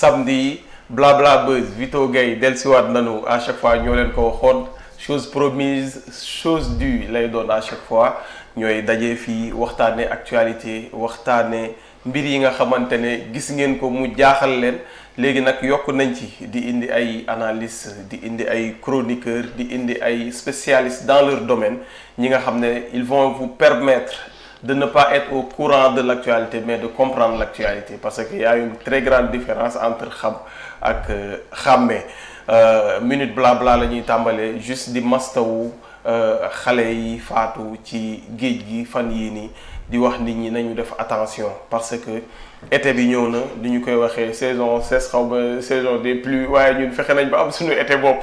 samedi blabla buzz Vito Gueye dellusiwaat nañu à chaque fois ñoo leen ko waxoon chose promise chose due lay doon à chaque fois ñooy dajee fii waxtaane actualité waxtaane mbir yi nga xamante ne gis ngeen ko mu jaaxal leen léegi nag yokk nañ ci di indi ay analyste di indi ay chroniqueur di indi ay spécialistes dans leur domaine ñi nga xam ne ils vont vous permettre de ne pas être au courant de l'actualité mais de comprendre l'actualité parce qu'il y a une très grande différence entre xam ak xàmmee euh, euh, minute blabla la ñuy tàmbalee juste di mastawu euh, xale yi faatu ci géej gi fan yii nii di wax nit ñi nañu def attention parce que été bi ñëw na li ñu koy waxee saison sèche xaw ma saison des pluies waaye ñun fexe nañ ba am suñu été bopp.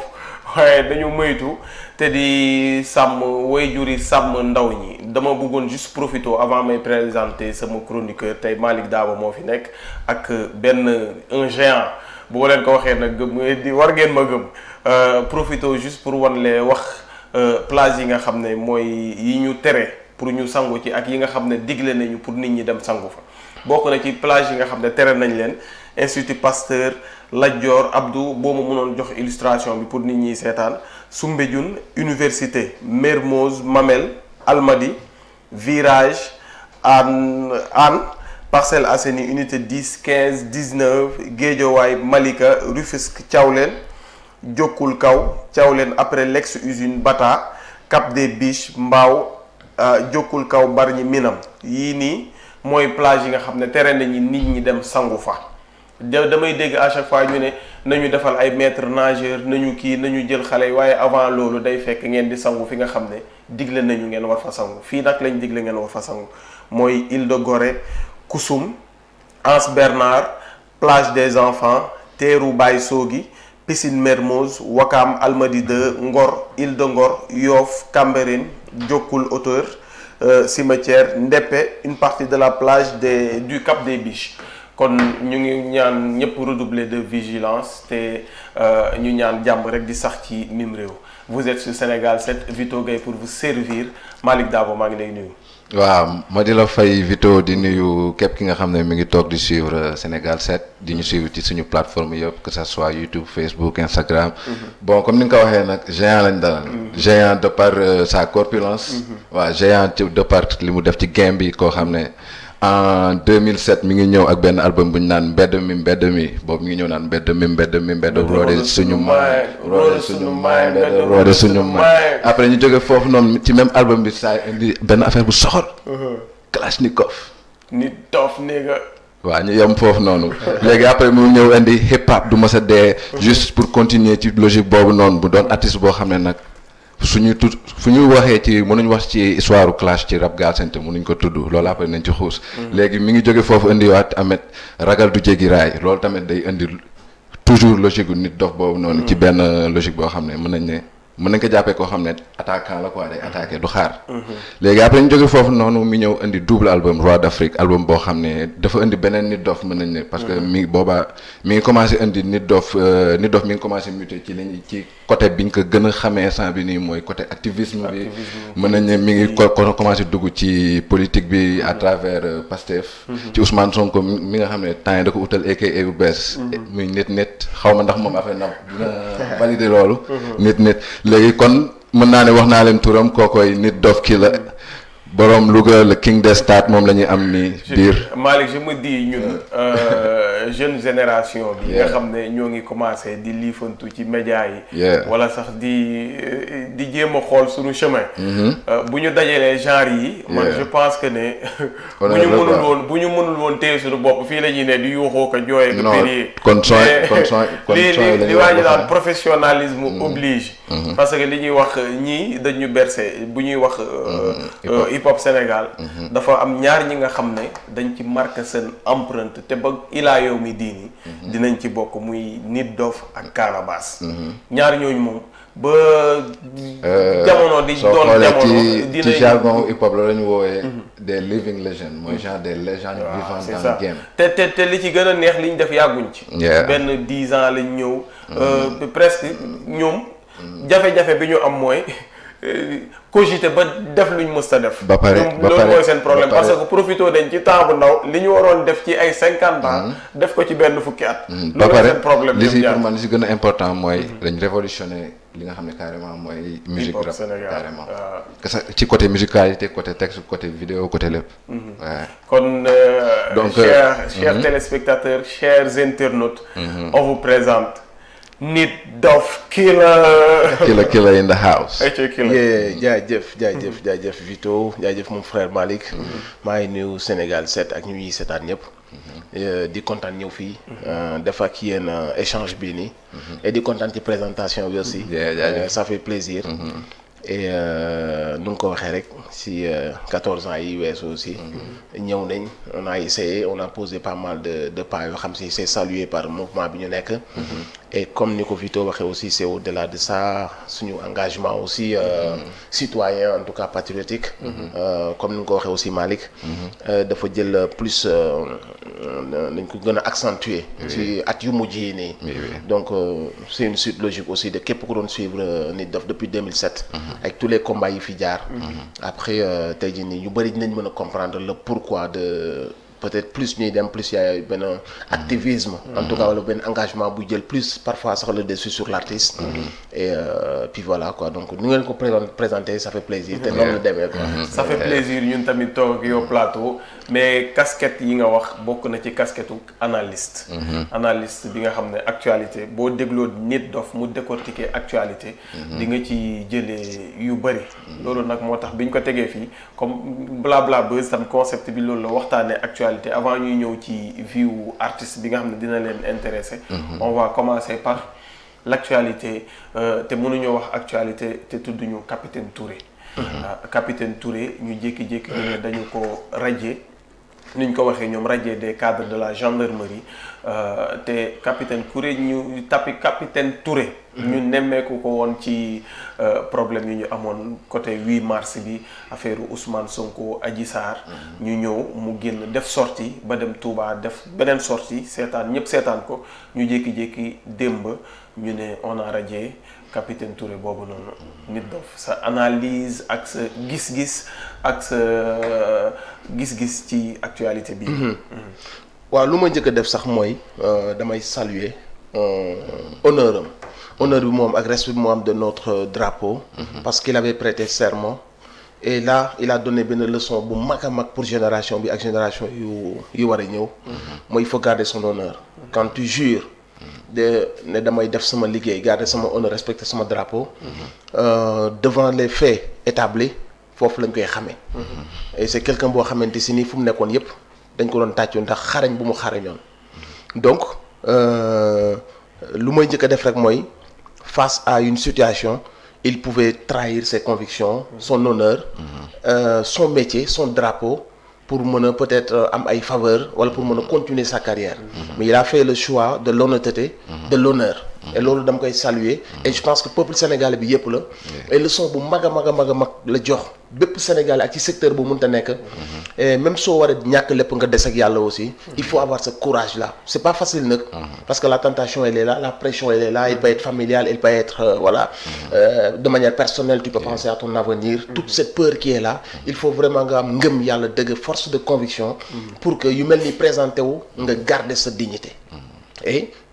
waaye dañu moytu te di sàmm waajur yi sàmm ndaw ñi dama bëggoon juste profité avant may présenter sama chroniqueur tey Malick Daba moo fi nekk ak benn un géant bu leen ko waxee nag gëm di war ngeen ma gëm euh, profité juste pour wan lee wax euh, plage yi nga xam ne mooy yi ñu tere pour ñu sangu ci ak yi nga xam ne digle nañu pour nit ñi dem sangu fa bokk na ci plage yi nga xam ne tere nañ leen institut Pasteur Lat Dior Abdou boo ma mënoon jox illustration bi pour nit ñi seetaan Soumbédioune université Mermoz Mamel Almadi Virage Hann Hann Parcelles Assainies unité 10 15 19 Guédiawaye Malika Rufisque Thiawlène Diokoul Kaw Thiawlène après l'ex-usine Bata Cap des Biches Mbao Diokoul euh, Kaw Bargny Minam yii nii mooy plage yi nga xam ne tere nañu nit ñi dem sangu fa damay dégg à chaque fois ñu ne nañu defal ay maître nageur nañu kii nañu jël xale yi waaye avant loolu day fekk ngeen di sangu fi nga xam ne digle nañu ngeen war fa sangu fii nag lañ digle ngeen war fa sangu mooy île de Gorée Koussoum Anse Bernard plage des enfants teeru Baye Soogi piscine Mermoz Wakam Almadies 2 Ngor île de Ngor Yoff Cambérène Diokoul Hauteur euh, cimetière Ndéppé une partie de la plage des du Cap des biche kon ñu ngi ñaan ñëpp redoubler de vigilance te euh, ñu ñaan jàmm rek di sax ci mim réew vous êtes sur Sénégal 7 Vito Gueye pour vous servir Malick Dabo maa ngi lay nuyu. waaw ma di la fay Vito di nuyu képp ki nga xam ne mi ngi toog di suivre Sénégal set di ñu suivre ci suñu plateforme yëpp que ça soit YouTube Facebook Instagram. Mm-hmm. bon comme ni nga ko waxee nag géant lañ dalal. Mm-hmm. géant de par euh, sa corpulence. Mm-hmm. waaw géant de par li mu def ci game bi koo xam ne. en 2007 mi ngi ñëw ak benn album bu ñu naan mbedd mi mbedd mi boobu mi ngi ñëw naan mbedd mi mbedd mi mbedd roode suñu suñu maay mbedd roode suñu maay après ñu jóge foofu noonu ci même album bi saa indi benn affaire bu soxor kalashnikov ni toof ni nga waaw ñu yem foofu noonu léegi après mu ñëw indi hip hop du ma sa dee juste pour continuer ci logique boobu noonu bu doon artiste boo xam ne nag suñuy tudd fu ñu waxee ci nañu wax ci histoire clash ci rap Galsen mun nañ ko tudd loolu après nañ ci xuus. Mm. léegi mi ngi jóge foofu indiwaat amet ragal du jéggi raay loolu tamit day indi toujours logique gu nit dof boobu noonu. Mm. ci benn logique boo xam ne mën nañ ne mën nañ ko jàppee koo xam ne attaquant la quoi day mm-hmm. du xaar. Mm-hmm. léegi après ñu jóge foofu noonu mi ñëw indi double album Roi d'Afrique album boo xam ne dafa indi beneen nit dof mën nañ ne. parce que mm-hmm. mi boobaa mi ngi commencé indi nit dof euh, nit dof mi ngi commencé muté ci lañ ci. côté biñ ko gën a xamee instant bi nii mooy côté activisme bi mën nañ ne mi ngi mm. ko commencé dugg ci politique bi mm. à travers euh, Pastef mm-hmm. ci Ousmane Sonko mi nga xam ne temps yi da ko utal aka bu bees mm-hmm. muy nit nit xaw ma ndax moom affaire na dina valider loolu mm-hmm. nit nit léegi kon mën naa ne wax naa leen turam kookoy nit dof kii la borom Louga le king des stades moom la ñuy am ni biir Malick je me dis ñun euh, jeune génération bi nga xam ne ñoo ngi commencé di liifantu ci média yi wala sax di di jéem a xool suñu chemin mm-hmm. euh, bu ñu dajalee genre yi man je pense que ne bu ñu mënul woon bu ñu mënul woon téye suñu bopp fii la ñuy ne di yuuxoo ko jooyee ko périe kon soy kon soy kon soy li waa ñu naan professionnalisme mm-hmm. oblige mm-hmm. parce que li ñuy wax ñii dañu bercé bu ñuy wax euh, hip hop Sénégal. Mhm. dafa am ñaar ñi nga xam ne dañ ci marqué seen empreinte te ba ilaa yow mi diini. Mhm. dinañ ci bokk muy Nit Doff ak Canabasse. Mhm. ñaar ñooñu moom ba. Euh, jamono di doon jamono dinañ ci jargon hip la ñu woowee. des living legends mooy des le game. te te te li ci gën a neex li def yàgguñ ci. benn dix ans lañ ñëw. Euh, presque ñoom jafe-jafe bi ñu am mooy. Euh, cogité ba def luñ mës a def. ba pare ba pare loolu mooy parce que profité dañ ci temps ndaw li ñu waroon def ci ay cinquante ans. Mm-hmm. def ko ci benn fukki at. Mm-hmm. ba pare problème li si pour man li si gën a important mooy. Mm-hmm. dañ révolutionné li nga xam ne carrément mooy. musique rap carrément. Euh, ci côté musicalité côté texte côté vidéo côté lépp. kon. Euh, donc chers chers téléspectateurs chers internautes. on vous présente. nit dof killer. killer killer in the house. yeah jaajëf jaajëf jaajëf Vito jaajëf moom frère Malick. Mm-hmm. maa ngi nuyu Sénégal 7 ak ñu ñuy seetaan ñëpp. Mm-hmm. Eh, di kontaan ñëw fii. Mm-hmm. Eh, def ak yéen eh, échange bii nii. et di kontaan ci présentation bi aussi. fait plaisir. et euh, nu nga ko waxee rek. si euh, quatorze ans yi weesu aussi. Mhm. ñëw nañ on a essayé on a posé pas mal de de pas yoo xam si c'est salué par mouvement bi ñu nekk. Mhm. et comme ni ko fi Vito waxee aussi c'est au-delà de ça suñu engagement aussi euh, mmh. citoyen en tout cas patriotique. Mhm. Euh, comme ni nga ko waxee aussi Malick. Euh, dafa jël plus dañ ko gën a accentuer. si at yu mujj yi nii. donc c'est une suite logique aussi de képp ku doon suivre nit daf depuis 2007. avec tous les combats yi fi jaar. après euh, tey jii nii ñu bëri dinañ mën a comprendre le pourquoi de peut-être plus ñuy dem plus yaay benn activisme mm. en tout benn engagement bu jël plus parfois sax le dessus sur l'artiste mm-hmm. et euh, puis voilà quoi donc ni ngeen ko présenté ça fait plaisir te noonu la mm-hmm. demee quoi mm-hmm. ça fait plaisir ñun tamit toog ak plateau mais casquette yi nga wax bokk na ci casquette analyste analyste bi nga xam ne actualité boo dégloo nit dof mu décortiquer actualité di nga ci jëlee yu bëri loolu nag moo tax bi ñu ko tegee fii comme blabla buzz tam concept bi actualité avant ñuy ñëw ci vie wu artiste bi nga xam ne dina leen intéressé. Mhm. on va commencer par lactualité actualité euh, te mënuñoo wax actualité te tudduñu capitaine Touré. Mhm. Euh, capitaine Touré ñu jékki-jékki ñu ne dañu ko raje ni ñu ko waxee ñoom radié des cadres de la gendarmerie euh, te capitaine Touré ñu tapi capitaine Touré. Mm-hmm. ñu nemmeeku ko woon ci euh, problème yi ñu amoon côté 8 mars bi affaire Ousmane Sonko Adji Sarr. Mm-hmm. ñu ñëw mu génn def sortie ba dem Touba def beneen sortie seetaan ñëpp seetaan ko ñu jékki-jékki démb ñu ne on a radié. capitaine Touré boobu noonu nit dof sa analyse ak sa gis-gis ak sa euh, gis-gis ci actualité bi mhm. Mhm. waaw lu ma njëkk def sax mooy euh, damay saluer euh, honneur am honneur bi moom ak respect bi moo de notre drapeau mhm. parce qu'il avait prêté serment et la il a donné benn leçon bu mag a mag pour génération bi ak génération yu yu war a ñëw mooy il faut garder son honneur quand tu de ne damay def sama liggéey garder sama honneur respecter sama drapeau. Euh, devant les faits établis foofu lañ koy xamee. et c'est quelqu'un boo xamante si nii fu mu nekkoon yëpp dañ ko doon tàccu ndax xarañ bu mu xarañoon donc euh, lu may njëkk def rek mooy face à une situation. il pouvait trahir se convictions, son honneur, euh, son métier, son drapeau. pour mën a peut-être euh, am ay faveur wala pour mën continuer sa carrière mm-hmm. mais il fait le choix de mm-hmm. l'honneur et loolu dama koy saluer e je pense que peuple sénégalais bi yëpp la et leçon bu mag a mag a mag a mag la jox bépp sénégalais ak ci secteur bu ta nekk mhm. et même soo waree ñàkk lépp nga des ak yàlla aussi il faut avoir ce courage la c'est pas facile nag mhm. parce que la tentation elle est là la pression elle est là elle mhm. peut être familiale elle peut être euh, voilà euh, de manière personnelle tu peux penser à ton avenir toute cette peur qui est là il faut vraiment nga am ngëm yàlla dëgg force de conviction pour que yu mel ni présenté wu nga garder sa dignité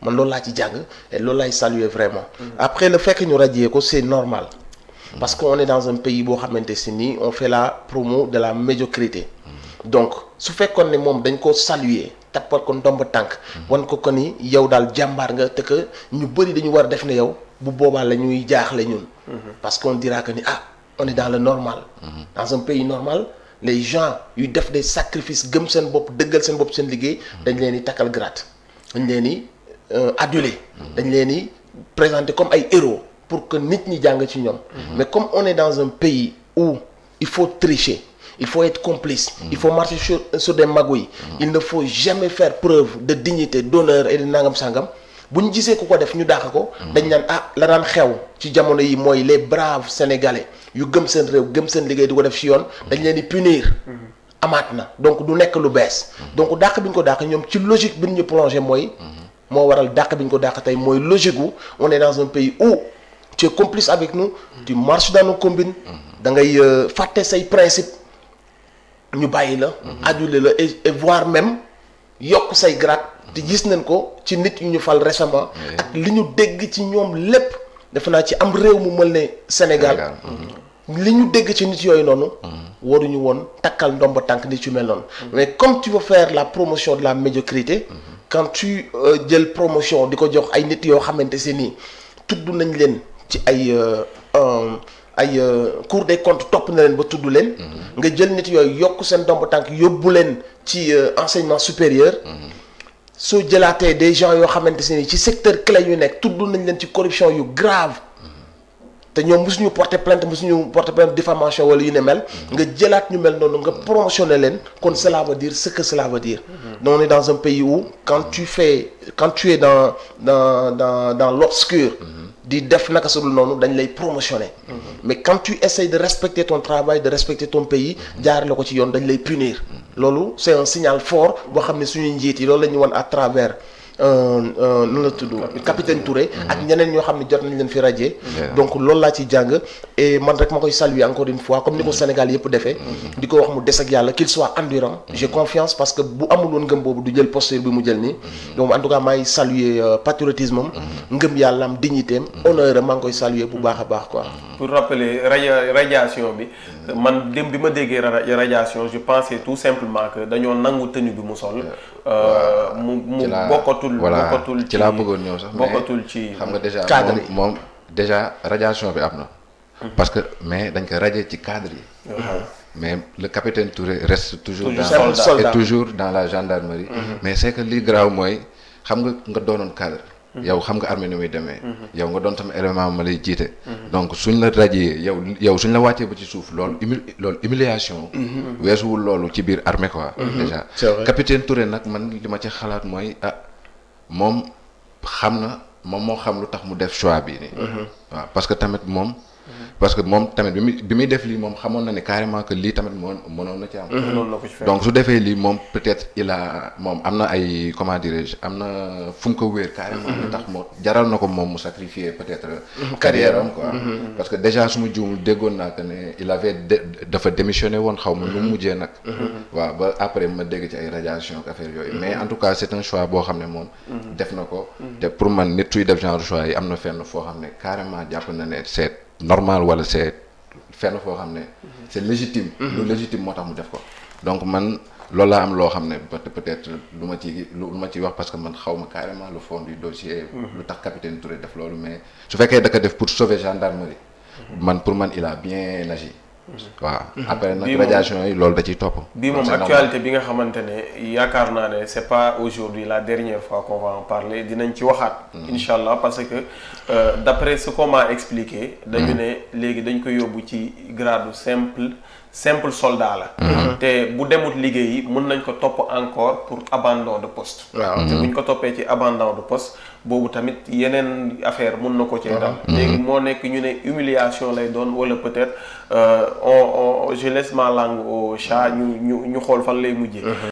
man loolu laa ci jàng loolu laay saluer vraiment. après le fekk ñu radier ko c'est normal. parce que on est dans un pays boo xamante si nii on fait la promo de la médiocrité. donc su fekkoon ne moom dañ ko saluer tappat ko ndomb tànk. wan ko ko ni yow daal jàmbaar nga te que ñu bëri dañu war a def ne yow bu boobaa la ñuy jaaxle ñun. parce qu'on dira que ni ah on est dans le normal. dans un pays normal. les gens yu def des sacrifices gëm seen bopp dëggal seen bopp seen liggéey dañ leen di takkal gratte dañ leen di Euh, adulé dañ leen di présenter comme ay héros pour que nit ñi jàng ci ñoom mhm. mais comme on est dans un pays où il faut tricher il faut être complice mhm. il faut marcher sur, sur des magouilles mhm. il ne faut jamais faire preuve de dignité d'honneur et de nangam sangam bu ñu gisee ku ko def ñu dàq ko dañ naan ah la daan xew ci jamono yi mooy les braves sénégalais yu gëm seen réew gëm seen liggéey di ko def ci yoon dañ leen di punir amaat na donc du nekk lu bees donc dàq bi ko dàq ñoom ci logique bi ñu plongé mooy moo waral dàq bi ñu ko dàq tey mooy logique wu on est dans un pays où tu es complice avec nous tu marches dans nos combines da ngay euh, fàtte say principe ñu bàyyi la adulé la et voire même yokk say grade te gis nañ ko ci nit yu ñu fal récemment ak li ñu dégg ci ñoom lépp def naa ci am réew mu mel ne Sénégal mhm. li ñu dégg ci nit yooyu noonu mhm. waruñu woon takkal ndomba tànk nit yu mel noonu mhm. mais comme tu veux la promotion de la médiocrité quand tu euh, jël promotion di ko jox ay nit yoo xamante si nii tudd nañ leen ci ay euh, ay euh, cour de comptes topp na leen ba tudd leen. Mm-hmm. nga jël nit yooyu yokk seen domb tànk yóbbu leen ci enseignement supérieur. Mm-hmm. soo jëlaatee des gens yoo xamante si nii ci secteur clé yu nekk tudd nañ leen ci corruption yu grave. te ñoom suñu porter plainte mosuñu porter plainte diffamation wala yu ne mel mm-hmm. nga jëlaat ñu mel noonu nga promotionner leen kon cela veut dire ce que cela veut dire mm-hmm. on est dans un pays où quand tu fais quand tu dans dans dans mm-hmm. di def naka sudul noonu dañ lay promotionner mais quand tu essayes de respecter ton travail de respecter ton pays jaar la ko ci yoon dañ lay punir loolu c'est un signal fort boo xam ne suñuy njiit yi loolu la ñu wan à travers Euh, euh, nu la tudd capitaine Touré mm-hmm. ak ñeneen ñoo xam ne jot nañ leen fi radier donc lool laa ci jàng et man rek ma koy saluer encore une fois comme ni ko mm-hmm. Sénégal yëpp defee mm-hmm. di ko wax mu des ak yàlla qu'il soit endurant confiance parce que bu amul woon ngëm boobu du jël posture bi mu jël nii donc en tout cas maay saluer euh, patriotisme am ngëm yàlla am dignité am honneur am maa ngi koy saluer bu baax a baax quoi pour rappeler radiation bi man dem bi ma déggee radiation je pensais tout simplement que dañoo nangu tenue bi mu sol mu bokkatul bokkatul ci laa bëggoon ñëw sax bokkatul ci xam nga déjà moom moom déjà radiation bi am na mhm. parce que mais dañ ko radier ci cadre yi mhm. mais le capitaine Touré reste toujours dans et toujours dans la gendarmerie mhm. mais c'est que lii graaw mooy xam nga nga doonoon cadre yow xam nga armée ni muy demee yow nga doon tam élément ma lay jiite donc suñ la radier yow yow suñ la wàccee ba ci suuf loolu humil loolu humiliation loolu ci biir armée quoi déjà capitaine Touré ma ci xalaat ah, moom xam na moom moo xam lu tax mu def choix bi nii. Mm-hmm. waaw parce que tamit moom parce que moom tamit bi muy bi muy def lii moom xamoon na ne carrément que lii tamit moom mënoon na ci am. Mhm. donc su defee lii moom peut-être il moom am na ay comment dirais-je am na fu mu ko wéer carrément mhm. lu moo jaral na ko moom mu sacrifier peut-être mhm. euh, carrière am parce que déjà su ma juumul déggoon naa que ne il avait dafa démissionné woon xaw ma lu mu mujjee nag waaw ba après ma dégg ci ay radiation affaire yooyu mais en tout cas c'est un boo xam ne moom def na ko te man nit tuy def genre yi am na fenn foo xam ne carrément jàpp na ne seet normal wala c' est fenn foo xam ne. Mhm. c' est légitime. Mhm. lu légitime moo tax mu def ko. donc man loolu laa am loo xam ne peut-être lu ma ci lu ma ciy wax parce que man xaw ma carrément lu fond du dossier. Mhm. lu tax capitaine Touré def loolu mais. su fekkee da ko def pour sauver gendarmerie. man pour man il a bien agi. waaw mhm. après nag radiation yi loolu da ciy bii moom actualité bi nga xamante ne yaakaar naa ne c'est pas aujourd'hui la dernière fois qu'on va en parler dinañ ci waxaat. Mhm. incha allah parce que euh, d'après ce qu'on m'a expliqué. dañu mhm. ne léegi dañ ko yóbbu ci grade simple. simple soldat la. te bu demut liggéeyi mun nañ ko topp encore pour abandon de post waaw te buñ ko toppee ci abandon de post boobu tamit yeneen affaire mun na ko cee dal mhm. léegi moo nekk ñu ne humiliation lay doon wala peut-être euh, on on je laisse au chat ñu ñu ñu xool fan lay mujjee mhm.